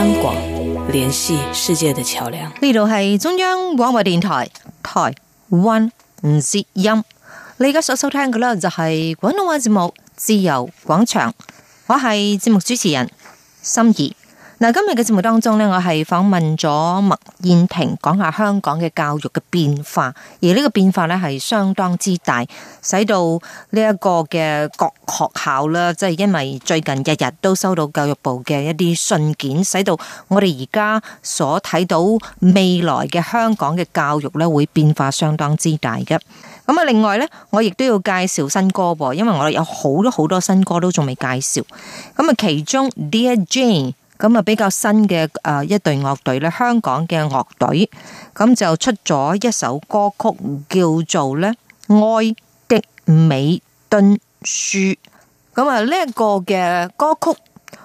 香港聯繫世界的橋樑，呢度係中央廣播電台台灣之音，你而家所收聽嘅呢就係廣東話節目《自由廣場》，我係節目主持人心儀。嗱，今日嘅節目當中咧，我係訪問咗麥燕庭，講下香港嘅教育嘅變化。而呢個變化咧係相當之大，使到呢一個嘅各學校啦，即係因為最近日日都收到教育部嘅一啲信件，使到我哋而家所睇到未來嘅香港嘅教育咧會變化相當之大嘅。咁啊，另外咧，我亦都要介紹新歌噃，因為我哋有好多好多新歌都仲未介紹。咁啊，其中 Dear Jane。咁啊，比較新嘅，誒一隊樂隊咧，香港嘅樂隊，咁就出咗一首歌曲叫做咧《哀的美敦書》。咁啊，呢一個嘅歌曲，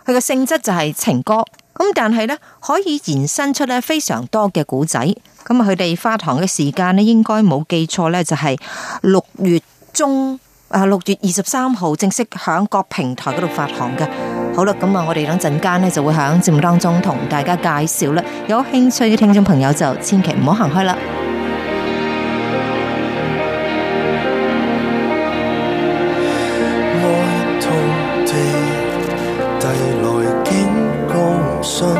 佢嘅性質就係情歌。咁但係咧，可以延伸出咧非常多嘅古仔。咁啊，佢哋發行嘅時間咧，應該冇記錯咧，就係六月中，啊！六月二十三號正式響各平台嗰度發行嘅，好啦，咁啊，我哋等陣間呢就會響節目當中同大家介紹啦。有興趣嘅聽眾朋友就千祈唔好行開啦。哀痛地遞來警告信，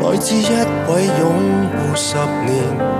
來自一位擁護十年。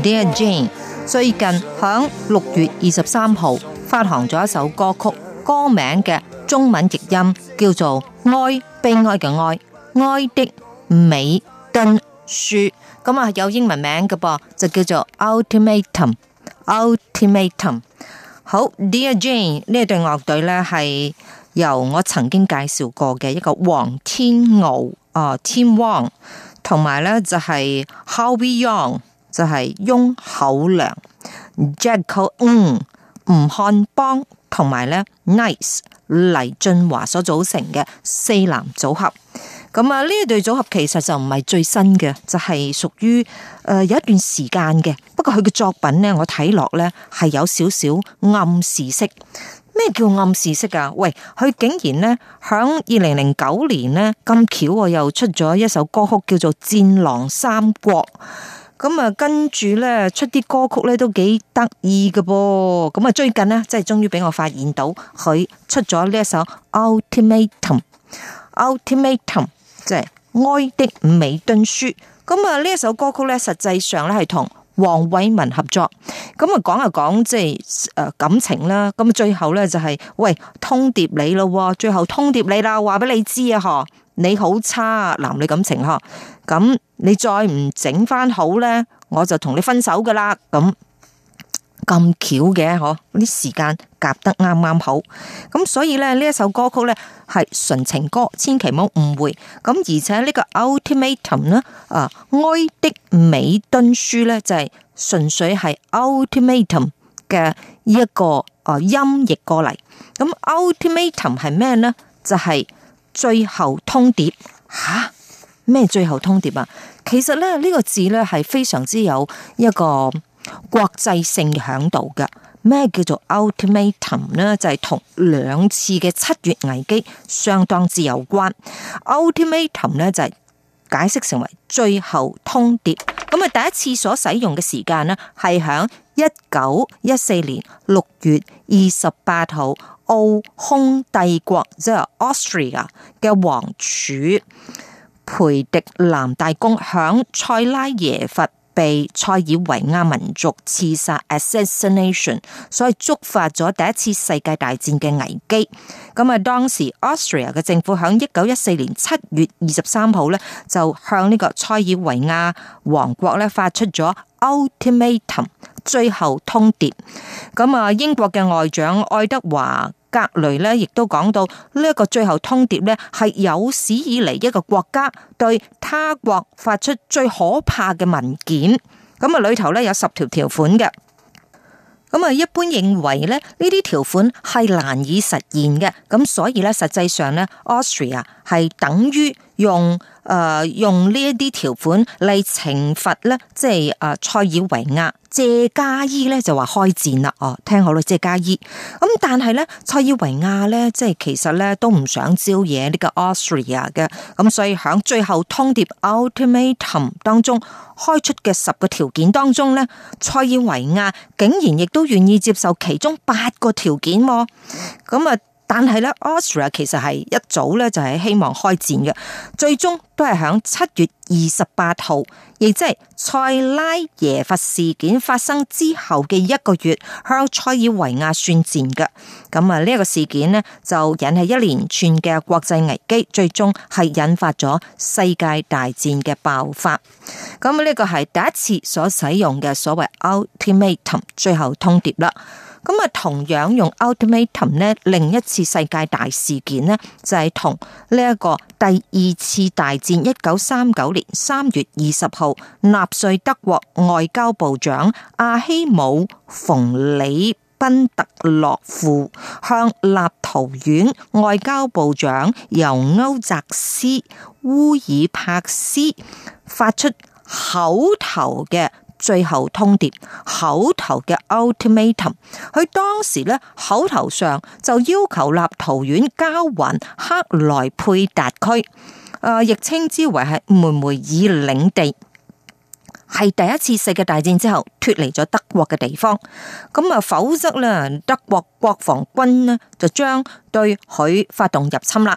Dear Jane，最近響六月二十三號發行咗一首歌曲，歌名嘅中文譯音叫做《哀悲哀嘅哀》，哀的美敦書。咁啊有英文名嘅噃，就叫做 Ultimatum。Ultimatum。好，Dear Jane 呢對樂隊呢係由我曾經介紹過嘅一個黃天傲，啊天王，同埋呢就係 Howie Young。就係翁口良、Jackal 翁、吳漢邦同埋咧 Nice 黎俊華所組成嘅四男組合。咁啊，呢一對組合其實就唔係最新嘅，就係屬於誒有一段時間嘅。不過佢嘅作品咧，我睇落咧係有少少暗示式。咩叫暗示式啊？喂，佢竟然咧響二零零九年呢，咁巧我又出咗一首歌曲叫做《戰狼三國》。咁啊，跟住咧出啲歌曲咧都幾得意嘅噃，咁啊最近咧即係終於俾我發現到佢出咗呢一首《Ultimatum》，Ultimatum 即係哀的美敦書。咁啊呢一首歌曲咧，實際上咧係同黃偉文合作。咁啊講啊講即係誒感情啦，咁最後咧就係、是、喂通牒你咯，最後通牒你啦，話俾你知啊嗬。你好差啊！男女感情嗬，咁、嗯、你再唔整翻好咧，我就同你分手噶啦！咁、嗯、咁巧嘅嗬，啲時間夾得啱啱好。咁、嗯、所以咧呢一首歌曲咧係純情歌，千祈唔好誤會。咁、嗯、而且呢個 Ultimatum 呢啊哀的美敦書咧就係、是、純粹係 Ultimatum 嘅一個啊音譯過嚟。咁 Ultimatum 係咩咧？就係、是。最後通牒吓咩？啊、最後通牒啊！其實咧呢、這個字咧係非常之有一個國際性嘅響度嘅。咩叫做 ultimatum 呢？就係同兩次嘅七月危機相當之有關。ultimatum 呢就係、是、解釋成為最後通牒。咁啊，第一次所使用嘅時間呢係響一九一四年六月二十八號。奧匈帝國即係 Austria 嘅皇儲培迪南大公響塞拉耶佛被塞爾維亞民族刺殺 assassination，所以觸發咗第一次世界大戰嘅危機。咁啊，當時 Austria 嘅政府響一九一四年七月二十三號咧，就向呢個塞爾維亞王國咧發出咗 ultimatum 最後通牒。咁啊，英國嘅外長愛德華。格雷咧，亦都講到呢一個最後通牒咧，係有史以嚟一個國家對他國發出最可怕嘅文件。咁啊，裏頭咧有十條條款嘅。咁啊，一般認為咧呢啲條款係難以實現嘅。咁所以咧，實際上咧，Austria 係等於。用誒、呃、用呢一啲條款嚟懲罰咧，即係誒、啊、塞爾維亞。謝加伊咧就話開戰啦，哦，聽好啦，謝加伊。咁、嗯、但係咧，塞爾維亞咧即係其實咧都唔想招惹呢個 Austria 嘅。咁、嗯、所以響最後通牒 Ultimatum 當中開出嘅十個條件當中咧，塞爾維亞竟然亦都願意接受其中八個條件、哦、咁、嗯、啊。嗯但係咧，Austria 其實係一早咧就係希望開戰嘅，最終都係響七月二十八號，亦即係塞拉耶佛事件發生之後嘅一個月向塞爾維亞宣戰嘅。咁啊，呢一個事件呢就引起一連串嘅國際危機，最終係引發咗世界大戰嘅爆發。咁呢個係第一次所使用嘅所謂 Ultimatum，最後通牒啦。咁啊，同樣用 Ultimatum，呢另一次世界大事件呢，就係同呢一個第二次大戰，一九三九年三月二十號，納粹德國外交部長阿希姆馮里賓特洛夫向立陶宛外交部長由歐澤斯烏爾帕斯發出。口頭嘅最後通牒，口頭嘅 ultimatum，佢當時咧口頭上就要求立陶宛交還克萊佩達區，誒，亦稱之為係梅梅爾領地，係第一次世界大戰之後脫離咗德國嘅地方，咁啊，否則咧德國國防軍咧就將對佢發動入侵啦。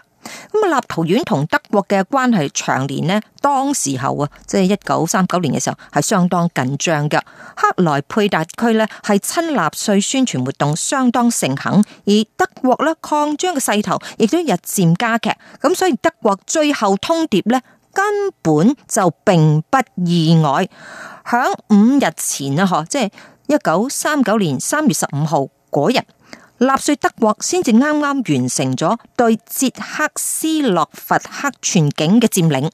咁啊，立陶宛同德國嘅關係長年咧，當時候啊，即係一九三九年嘅時候，係相當緊張嘅。克萊佩達區咧，係親納粹宣傳活動相當盛行，而德國咧，擴張嘅勢頭亦都日漸加劇。咁所以德國最後通牒呢，根本就並不意外。響五日前啊，嗬、就是，即係一九三九年三月十五號嗰日。納粹德國先至啱啱完成咗對捷克斯洛伐克全境嘅佔領，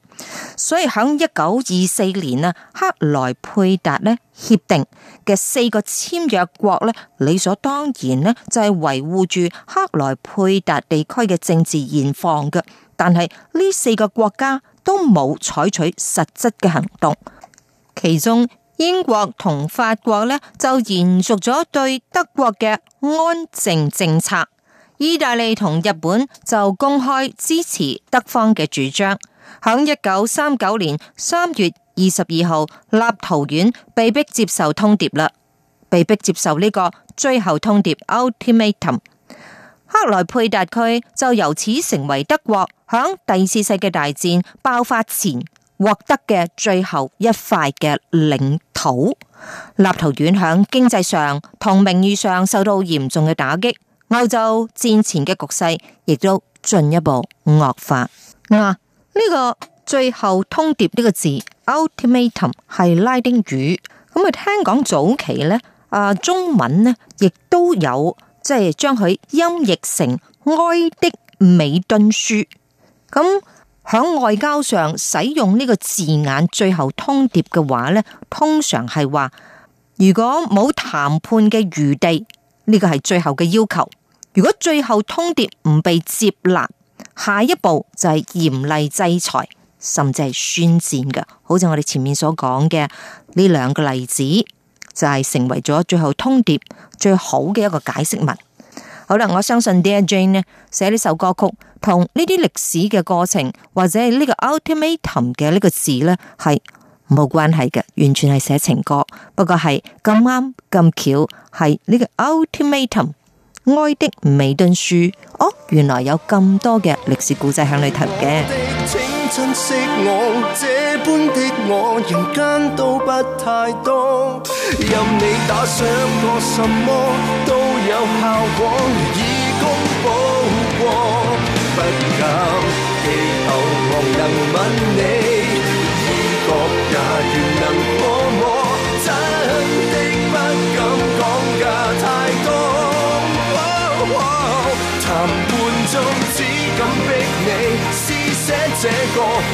所以喺一九二四年啊，克萊佩達呢協定嘅四個簽約國呢，理所當然呢就係維護住克萊佩達地區嘅政治現況嘅，但係呢四個國家都冇採取實質嘅行動，其中。英國同法國咧就延續咗對德國嘅安靜政策，意大利同日本就公開支持德方嘅主張。響一九三九年三月二十二號，立陶宛被迫接受通牒啦，被迫接受呢個最後通牒 （ultimatum）。克萊佩達區就由此成為德國響第二次世界大戰爆發前。獲得嘅最後一塊嘅領土，立陶宛響經濟上同名譽上受到嚴重嘅打擊，歐洲戰前嘅局勢亦都進一步惡化。我、啊、呢、這個最後通牒呢個字，ultimatum 係拉丁語，咁、嗯、啊聽講早期咧啊中文咧亦都有即係將佢音譯成哀的美敦書，咁。嗯喺外交上使用呢個字眼最後通牒嘅話呢，通常係話，如果冇談判嘅餘地，呢個係最後嘅要求。如果最後通牒唔被接納，下一步就係嚴厲制裁，甚至係宣戰噶。好似我哋前面所講嘅呢兩個例子，就係、是、成為咗最後通牒最好嘅一個解釋物。可能我相信 Dear Jane 呢，寫呢首歌曲，同呢啲歷史嘅過程或者係呢個 Ultimatum 嘅呢個字呢，係冇關係嘅，完全係寫情歌。不過係咁啱咁巧，係呢個 Ultimatum 哀的美敦書哦，原來有咁多嘅歷史古仔喺裏頭嘅。珍惜我這般的我，人間都不太多。任你打賞我什麼都有效果，以功補過，不敢祈求夢，我能吻你。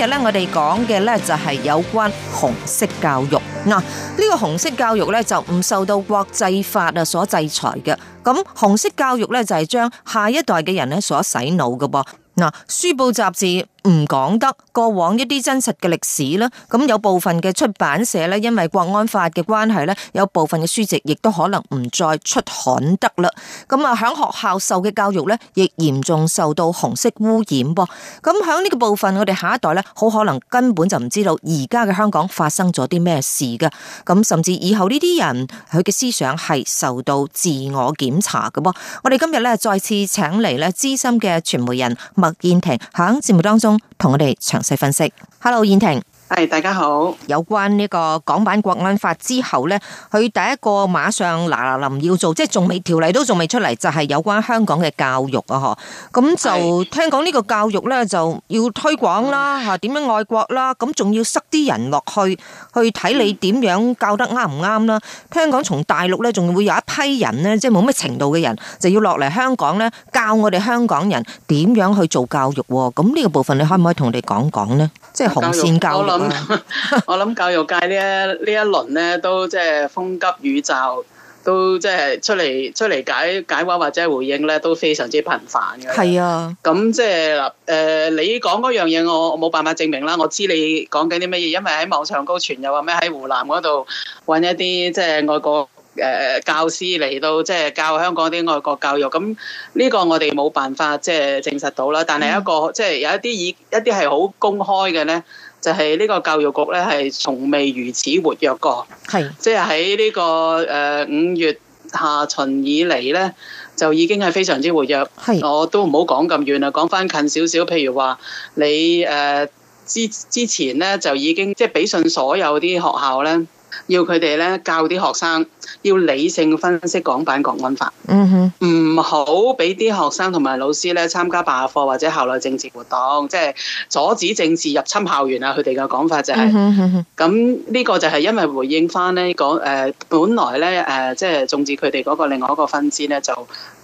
今日我哋講嘅呢就係有關紅色教育。嗱，呢個紅色教育呢就唔受到國際法啊所制裁嘅。咁紅色教育呢就係將下一代嘅人呢所洗腦嘅噃。嗱，書報雜誌。唔講得，過往一啲真實嘅歷史啦，咁有部分嘅出版社咧，因為國安法嘅關係咧，有部分嘅書籍亦都可能唔再出刊得啦。咁啊，響學校受嘅教育咧，亦嚴重受到紅色污染噃。咁響呢個部分，我哋下一代咧，好可能根本就唔知道而家嘅香港發生咗啲咩事噶。咁甚至以後呢啲人，佢嘅思想係受到自我檢查嘅噃。我哋今日咧再次請嚟咧資深嘅傳媒人麥燕庭響節目當中，同我哋詳細分析。Hello，燕庭。係、hey, 大家好，有關呢個港版國安法之後呢佢第一個馬上嗱嗱臨要做，即係仲未條例都仲未出嚟，就係、是、有關香港嘅教育啊，嗬，咁就 Hey. 聽講呢個教育呢，就要推廣啦，吓點樣愛國啦，咁仲要塞啲人落去，去睇你點樣教得啱唔啱啦？聽講從大陸呢，仲會有一批人呢，即係冇乜程度嘅人，就要落嚟香港呢，教我哋香港人點樣去做教育、啊，咁呢個部分你可唔可以同我哋講講呢？育即係紅線教育。 我諗教育界一一輪呢一呢一輪咧，都即係風急雨驟，都即係出嚟出嚟解解話或者回應咧，都非常之頻繁嘅。係是啊，就是，咁即係誒，你講嗰樣嘢，我冇辦法證明啦。我知你講緊啲乜嘢，因為喺網上高傳又話咩喺湖南嗰度搵一啲即係外國誒、呃、教師嚟到即係教香港啲外國教育。咁呢個我哋冇辦法即係證實到啦。但係一個即係、嗯、有一啲以一啲係好公開嘅咧。就係呢個教育局咧，係從未如此活躍過。係是，即係喺呢個誒五、呃、月下旬以嚟咧，就已經係非常之活躍。係是，我都唔好講咁遠啦，講返近少少。譬如話你誒之、呃、之前咧，就已經即係俾信所有啲學校咧。要佢哋咧教啲學生，要理性分析港版《國安法》mm，唔好俾啲學生同埋老師咧參加罷課或者校內政治活動，即、就、係、是、阻止政治入侵校園啊！佢哋嘅講法就係、是，咁呢、mm hmm. 個就係因為回應返咧，講誒，本來咧誒，即係種植佢哋嗰個另外一個分支咧，就。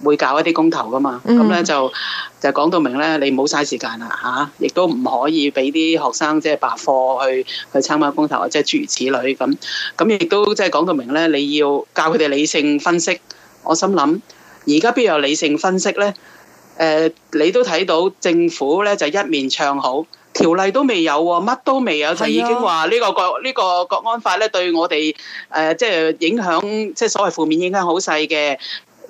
會搞一啲公投噶嘛？咁咧就就講到明咧，你唔好嘥時間啦嚇，亦都唔可以俾啲學生即係白貨去去參加公投或者諸如此類咁。咁亦都即係講到明咧，你要教佢哋理性分析。我心諗而家邊有理性分析咧？誒，你都睇到政府咧就一面唱好，條例都未有喎，乜都未有就已經話呢個國呢個國安法咧對我哋誒即係影響即係所謂負面影響好細嘅。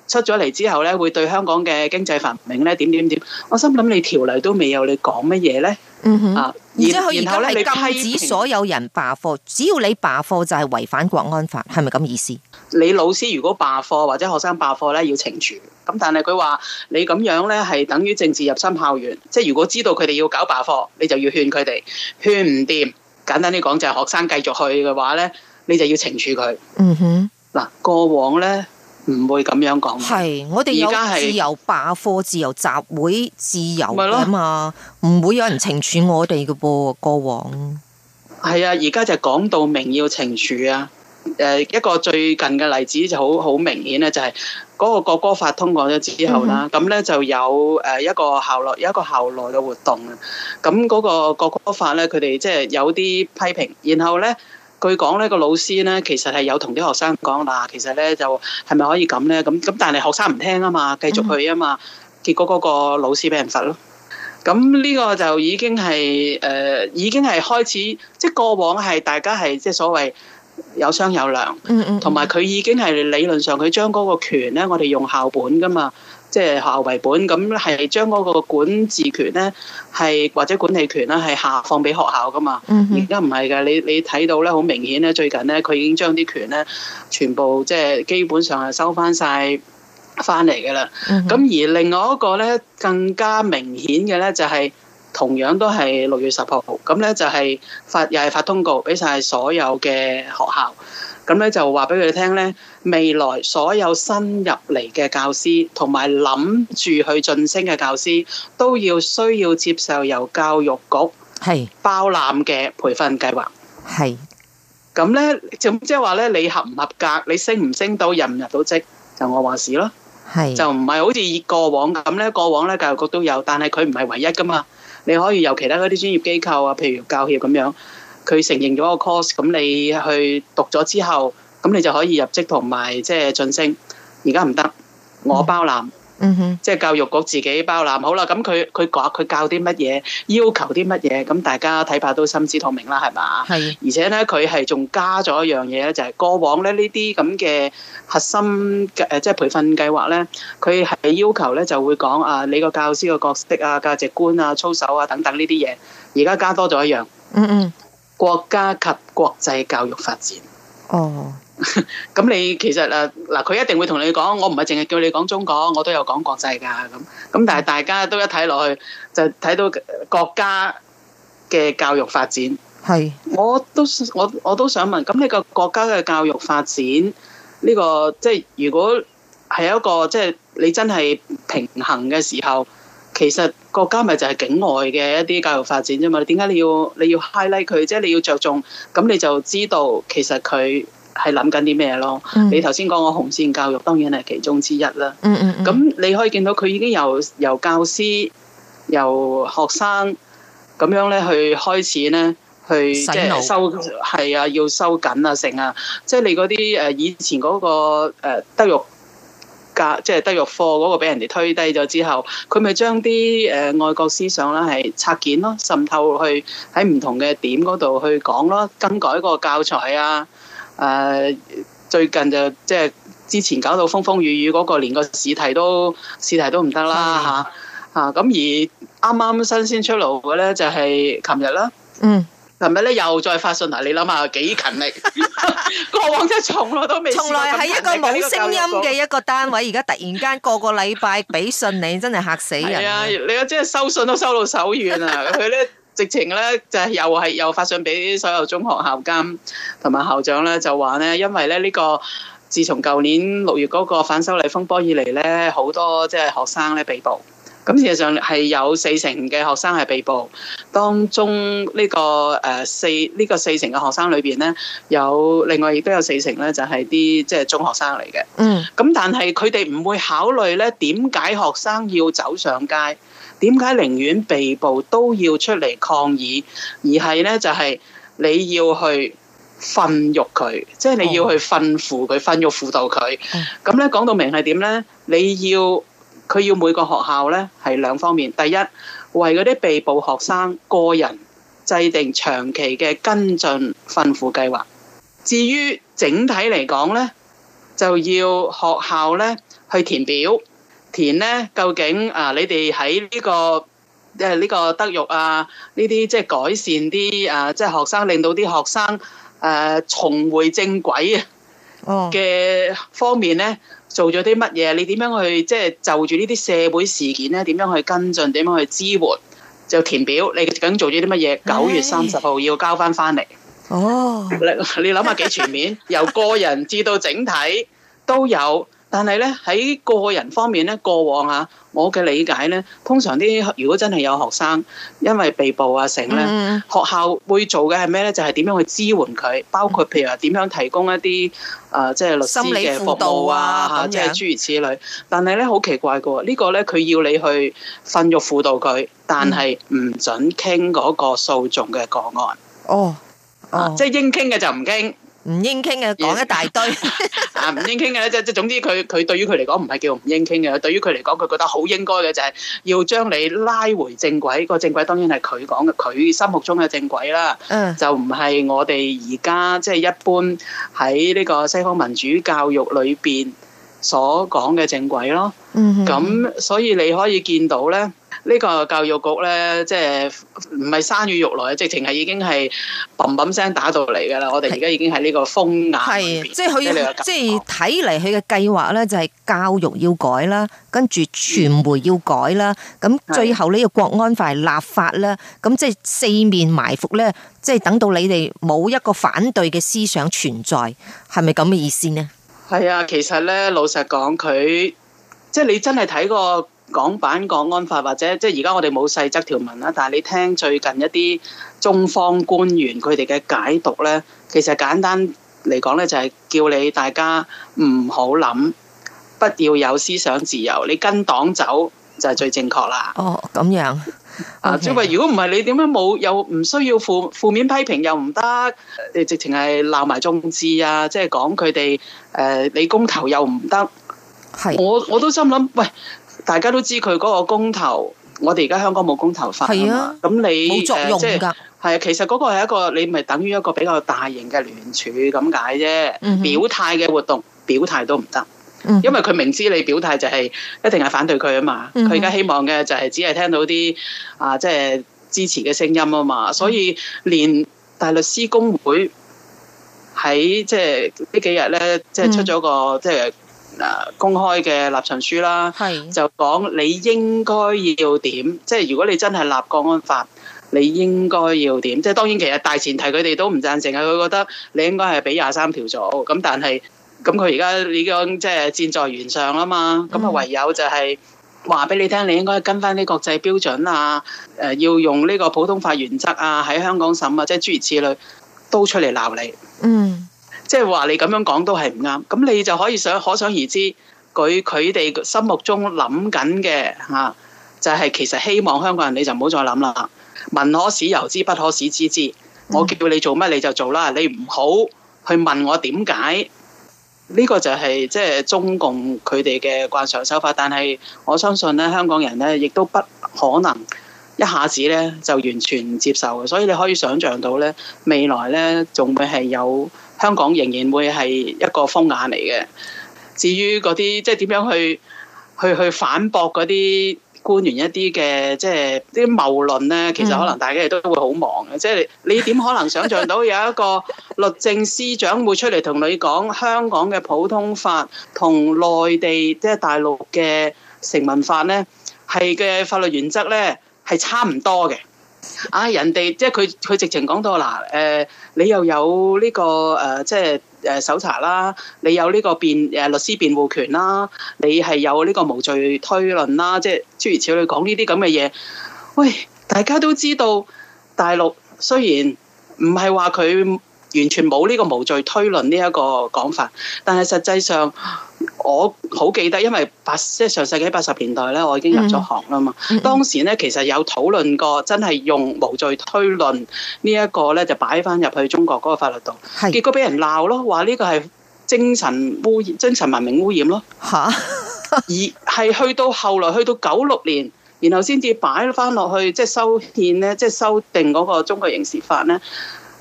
出咗嚟之後咧，會對香港嘅經濟繁榮咧點點點？我心諗你條例都未有你，你講乜嘢咧？嗯哼。啊，然然後咧，你禁止所有人罷課，只要你罷課就係違反國安法，係咪咁意思？你老師如果罷課或者學生罷課咧，要懲處。咁但係佢話你咁樣咧，係等於政治入心校園。即係如果知道佢哋要搞罷課，你就要勸佢哋。勸唔掂，簡單啲講就係學生繼續去嘅話咧，你就要懲處佢。嗯哼。嗱，過往咧。唔會咁樣講。係，我哋而家有自由罷課、自由集會、自由噶嘛，唔會有人懲處我哋噶噃。過往係啊，而家就講到明要懲處啊。誒、呃，一個最近嘅例子就好好明顯咧，啊，就係、是、嗰個國歌法通過咗之後啦。咁咧，嗯嗯、就有誒一個校內有一個校內嘅活動啊。咁嗰個國歌法咧，佢哋即係有啲批評，然後咧。據講呢個老師咧，其實係有同啲學生講嗱，其實咧就係、是、咪可以咁咧？咁咁，但係學生唔聽啊嘛，繼續去啊嘛，結果嗰個老師俾人罰咯。咁呢個就已經係誒、呃，已經係開始，即係過往係大家係即係所謂有商有量，嗯，嗯嗯，同埋佢已經係理論上佢將嗰個權咧，我哋用校本噶嘛。即係學校為本，咁係將嗰個管治權咧，係或者管理權咧，係下放俾學校噶嘛。而家唔係嘅，你你睇到咧，好明顯咧，最近咧，佢已經將啲權咧，全部即係基本上係收翻晒翻嚟嘅啦。咁、mm hmm. 而另外一個咧，更加明顯嘅咧，就係、是、同樣都係六月十號，咁咧就係發又係發通告俾晒所有嘅學校。咁咧就話俾佢哋聽咧，未來所有新入嚟嘅教師同埋諗住去晉升嘅教師，都要需要接受由教育局係包攬嘅培訓計劃。係咁咧，咁即係話咧，你合唔合格，你升唔升到，入唔入到職，就我話事咯。係是就唔係好似過往咁咧？過往咧，教育局都有，但係佢唔係唯一噶嘛。你可以由其他嗰啲專業機構啊，譬如教協咁樣。佢承認咗個 course，咁你去讀咗之後，咁你就可以入職同埋即係晉升。而家唔得，我包攬，即係教育局自己包攬。好啦，咁佢佢講佢教啲乜嘢，要求啲乜嘢，咁大家睇怕都心知肚明啦，係咪？係。而且咧，佢係仲加咗一樣嘢咧，就係過往咧呢啲咁嘅核心嘅誒，即係培訓計劃咧，佢係要求咧就會講啊，你個教師個角色啊、價值觀啊、操守啊等等呢啲嘢。而家加多咗一樣，嗯嗯。國家及國際教育發展。哦，咁你其實誒，嗱，佢一定會同你講，我唔係淨係叫你講中國，我都有講國際㗎，咁。咁但係大家都一睇落去就睇到國家嘅教育發展。係，我都我我都想問，咁呢個國家嘅教育發展呢個，即係如果係一個即係你真係平衡嘅時候。其實國家咪就係境外嘅一啲教育發展啫嘛，你點解、就是、你要你要 highlight 佢，即係你要着重，咁你就知道其實佢係諗緊啲咩咯？嗯、你頭先講個紅線教育，當然係其中之一啦、嗯。嗯嗯。咁你可以見到佢已經由由教師、由學生咁樣咧去開始咧，去即係洗腦收係啊，要收緊啊，成啊，即、就、係、是、你嗰啲誒以前嗰、那個、呃、德育。即係德育課嗰個俾人哋推低咗之後，佢咪將啲誒外國思想啦係拆件咯，滲透去喺唔同嘅點嗰度去講咯，更改個教材啊！誒、呃，最近就即係之前搞到風風雨雨嗰、那個，連個試題都試題都唔得啦嚇嚇！咁的、啊、而啱啱新鮮出爐嘅咧，就係琴日啦。嗯。琴日咧又再發信啊？你諗下幾勤力， 過往即係重咯，都未，從來係一個冇聲音嘅一個單位，而家 突然間個個禮拜俾信你，真係嚇死人。係啊，你啊即係收信都收到手軟啊！佢咧 直情咧就係又係又發信俾所有中學校監同埋校長咧，就話咧因為咧呢、這個自從舊年六月嗰個反修例風波以嚟咧，好多即係學生咧被捕。咁事實上係有四成嘅學生係被捕，當中呢、這個誒、呃、四呢、這個四成嘅學生裏邊咧，有另外亦都有四成咧就係啲即係中學生嚟嘅。嗯，咁但係佢哋唔會考慮咧，點解學生要走上街，點解寧願被捕都要出嚟抗議，而係咧就係、是、你要去訓育佢，嗯、即係你要去訓輔佢，訓育輔導佢。咁咧講到明係點咧，你要。佢要每個學校咧係兩方面，第一，為嗰啲被捕學生個人制定長期嘅跟進訓輔計劃。至於整體嚟講咧，就要學校咧去填表，填咧究竟啊你哋喺呢個誒呢、啊呢個德育啊呢啲即係改善啲啊即係、即係、學生令到啲學生誒、啊、重回正軌啊嘅方面咧。Oh. 做咗啲乜嘢？你點樣去即係就住呢啲社會事件咧？點樣去跟進？點樣去支援？就填表，你究竟做咗啲乜嘢？九月三十號要交翻翻嚟。哦，Hey . oh. 你你諗下幾全面， 由個人至到整體都有。但係咧喺個人方面咧，過往啊，我嘅理解咧，通常啲如果真係有學生因為被捕啊成咧，mm hmm. 學校會做嘅係咩咧？就係、是、點樣去支援佢，包括譬如話點樣提供一啲誒、呃，即係律師嘅服務啊，或者係諸如此類。哦哦、但係咧，好奇怪嘅喎，這個、呢個咧佢要你去訓育輔導佢，但係唔、mm hmm. 准傾嗰個訴訟嘅個案。哦，oh. oh. 啊，即係應傾嘅就唔傾。.唔應傾嘅講一大堆啊！ 唔應傾嘅即即總之，佢佢對於佢嚟講唔係叫唔應傾嘅，對於佢嚟講，佢覺得好應該嘅就係要將你拉回正軌。個正軌當然係佢講嘅，佢心目中嘅正軌啦。嗯就，就唔係我哋而家即係一般喺呢個西方民主教育裏邊所講嘅正軌咯。嗯哼，咁所以你可以見到咧。呢個教育局咧，即係唔係生於肉內，直情係已經係砰砰聲打到嚟㗎啦！的我哋而家已經係呢個風眼，的即係佢，即係睇嚟佢嘅計劃咧，就係、是、教育要改啦，跟住傳媒要改啦，咁最後呢個國安法立法啦，咁的即係四面埋伏咧，即、就、係、是、等到你哋冇一個反對嘅思想存在，係咪咁嘅意思呢？係啊，其實咧，老實講，佢即係你真係睇過，港版國安法或者即係而家我哋冇細則條文啦，但係你聽最近一啲中方官員佢哋嘅解讀咧，其實簡單嚟講咧就係叫你大家唔好諗，不要有思想自由，你跟黨走就係最正確啦。哦，咁樣啊，即係話如果唔係你點樣冇又唔需要負，負面批評又唔得，你直情係鬧埋眾志啊，即係講佢哋誒，你公投又唔得。係我我都心諗，喂！大家都知佢嗰個公投，我哋而家香港冇公投法啊嘛。咁的你冇作用㗎。係啊、呃，其實嗰個係一個你咪等於一個比較大型嘅聯署咁解啫，表態嘅活動，表態都唔得。Mm hmm. 因為佢明知你表態就係、是、一定係反對佢啊嘛。佢而家希望嘅就係只係聽到啲啊，即、就、係、是、支持嘅聲音啊嘛。Mm hmm. 所以連大律師公會喺即係呢幾日咧，即、就、係、是、出咗個即係。Mm hmm. 嗱，公開嘅立場書啦，是就講你應該要點，即係如果你真係立國安法，你應該要點，即係當然其實大前提佢哋都唔贊成啊，佢覺得你應該係俾廿三條做，咁但係咁佢而家已經即係箭在弦上啊嘛，咁啊唯有就係話俾你聽，你應該跟翻啲國際標準啊，誒，要用呢個普通法原則啊，喺香港審啊，即係諸如此類都出嚟鬧你，嗯。即係話你咁樣講都係唔啱，咁你就可以想可想而知，佢佢哋心目中諗緊嘅吓，就係、是、其實希望香港人你就唔好再諗啦。民可使由之，不可使知之，之。我叫你做乜你就做啦，你唔好去問我點解。呢、這個就係即係中共佢哋嘅慣常手法。但係我相信咧，香港人咧亦都不可能一下子咧就完全接受嘅。所以你可以想象到咧，未來咧仲會係有。香港仍然會係一個風眼嚟嘅。至於嗰啲即係點樣去去去反駁嗰啲官員一啲嘅即係啲謬論咧，其實可能大家亦都會好忙嘅。嗯、即係你點可能想象到有一個律政司長會出嚟同你講香港嘅普通法同內地即係、就是、大陸嘅成文法咧，係嘅法律原則咧係差唔多嘅。啊！人哋即係佢，佢直情講到嗱，誒，你又有呢個誒，即係誒搜查啦，你有呢個辯誒律師辯護權啦，你係有呢個無罪推論啦，即係諸如此類講呢啲咁嘅嘢。喂，大家都知道大陸雖然唔係話佢，完全冇呢個無罪推論呢一個講法，但係實際上我好記得，因為八即係上世紀八十年代咧，我已經入咗行啦嘛。嗯嗯嗯嗯嗯，當時咧其實有討論過，真係用無罪推論呢一個咧就擺翻入去中國嗰個法律度，是的 結果俾人鬧咯，話呢個係精神污染、精神文明污染咯。嚇、啊！ 而係去到後來，去到九六年，然後先至擺翻落去，即係修憲咧，即係修訂嗰個中國刑事法咧。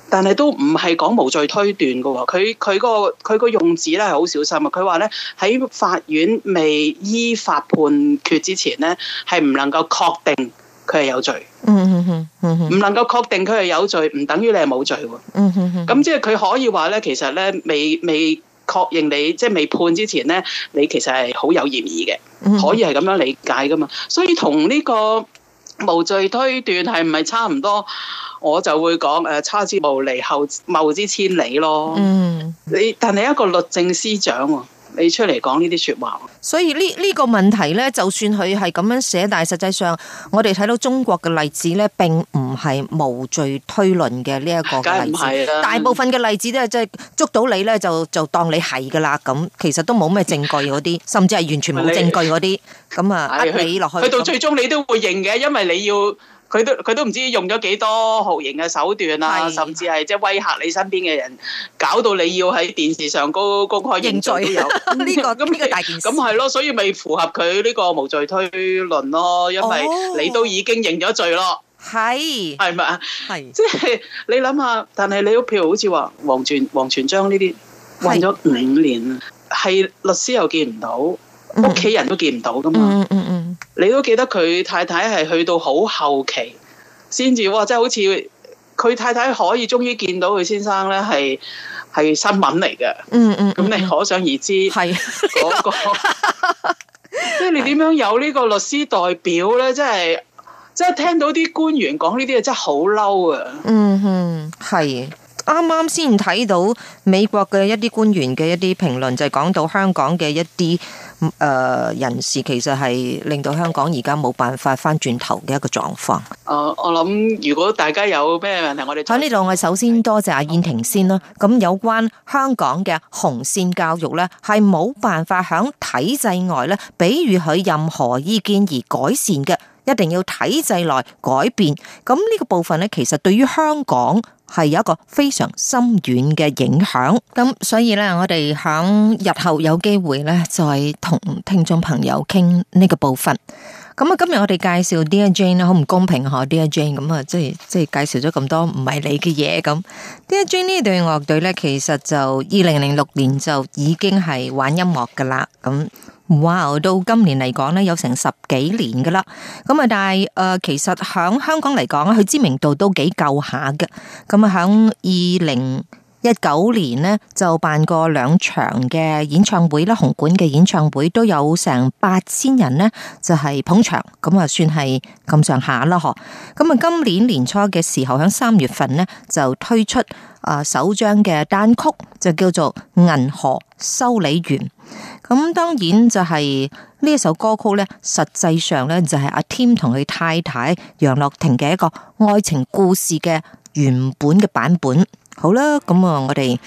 但係都唔係講無罪推斷嘅喎、哦，佢佢、嗰個佢個用字咧係好小心嘅。佢話咧喺法院未依法判決之前咧，係唔能夠確定佢係有罪。嗯唔、mm hmm. 能夠確定佢係有罪，唔等於你係冇罪喎。嗯咁、mm hmm. 即係佢可以話咧，其實咧未未確認你即係未判之前咧，你其實係好有嫌疑嘅，可以係咁樣理解噶嘛。所以同呢、呢個。無罪推斷係唔係差唔多，我就會講誒，差之毫釐，後謬之千里咯。嗯，你但係一個律政司長喎、哦。你出嚟講呢啲說話，所以呢呢個問題咧，就算佢係咁樣寫，但係實際上我哋睇到中國嘅例子呢，並唔係無罪推論嘅呢一個例子，大部分嘅例子咧，即係捉到你呢，就就當你係噶啦，咁其實都冇咩證據嗰啲，甚至係完全冇證據嗰啲，咁啊，壓你落去，去到最終你都會認嘅，因為你要。佢都佢都唔知用咗幾多酷刑嘅手段啊，是甚至係即係威嚇你身邊嘅人，搞到你要喺電視上高公開認罪都有呢、 這個咁呢、 嗯、個大件事。咁係咯，所以咪符合佢呢個無罪推論咯，因為你都已經認咗罪咯，係係咪，係即係你諗下，但係你啲票好似話王全王全璋呢啲判咗五年，係是是律師又見唔到，屋企人都見唔到噶嘛。Hmm. Mm hmm. 你都記得佢太太係去到好後期，先至哇！即係好似佢太太可以終於見到佢先生咧，係係新聞嚟嘅。嗯嗯，咁你可想而知係啊，嗰個， 即係你點樣有呢個律師代表咧？即係即係聽到啲官員講呢啲嘢，真係好嬲啊！嗯哼，係。啱啱先睇到美國嘅一啲官員嘅一啲評論，就係、是、講到香港嘅一啲誒、呃、人士，其實係令到香港而家冇辦法翻轉頭嘅一個狀況。呃、我諗如果大家有咩問題，我哋喺呢度，我首先多謝阿、啊、燕庭先啦、啊。咁有關香港嘅紅線教育呢，係冇辦法喺體制外呢俾予佢任何意見而改善嘅，一定要體制內改變。咁呢個部分呢，其實對於香港，係有一個非常深遠嘅影響，咁所以咧，我哋響日後有機會咧，再同聽眾朋友傾呢個部分。咁啊，今日我哋介紹 Dear Jane 咧，好唔公平吓，Dear Jane 咁啊，即係即係介紹咗咁多唔係你嘅嘢咁。Dear Jane、嗯嗯、Dear Jane 對樂隊呢隊樂隊咧，其實就二零零六年就已經係玩音樂噶啦，咁、嗯。哇！Wow，到今年嚟講咧，有成十幾年噶啦。咁啊，但係誒、呃，其實響香港嚟講，佢知名度都幾夠下嘅。咁啊，響二零一九年呢，就辦過兩場嘅演唱會啦，紅館嘅演唱會都有成八千人呢，就係、是、捧場。咁啊，算係咁上下啦，嗬。咁啊，今年年初嘅時候，響三月份呢，就推出啊首張嘅單曲，就叫做《銀河修理員》。咁當然就係呢一首歌曲呢，實際上呢，就係阿添同佢太太楊樂婷嘅一個愛情故事嘅原本嘅版本。好啦，咁啊，我哋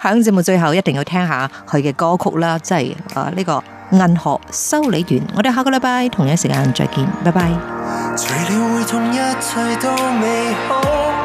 喺 節目最後一定要聽下佢嘅歌曲啦，即係啊呢個銀河修理員。我哋下個禮拜同一時間再見，拜拜。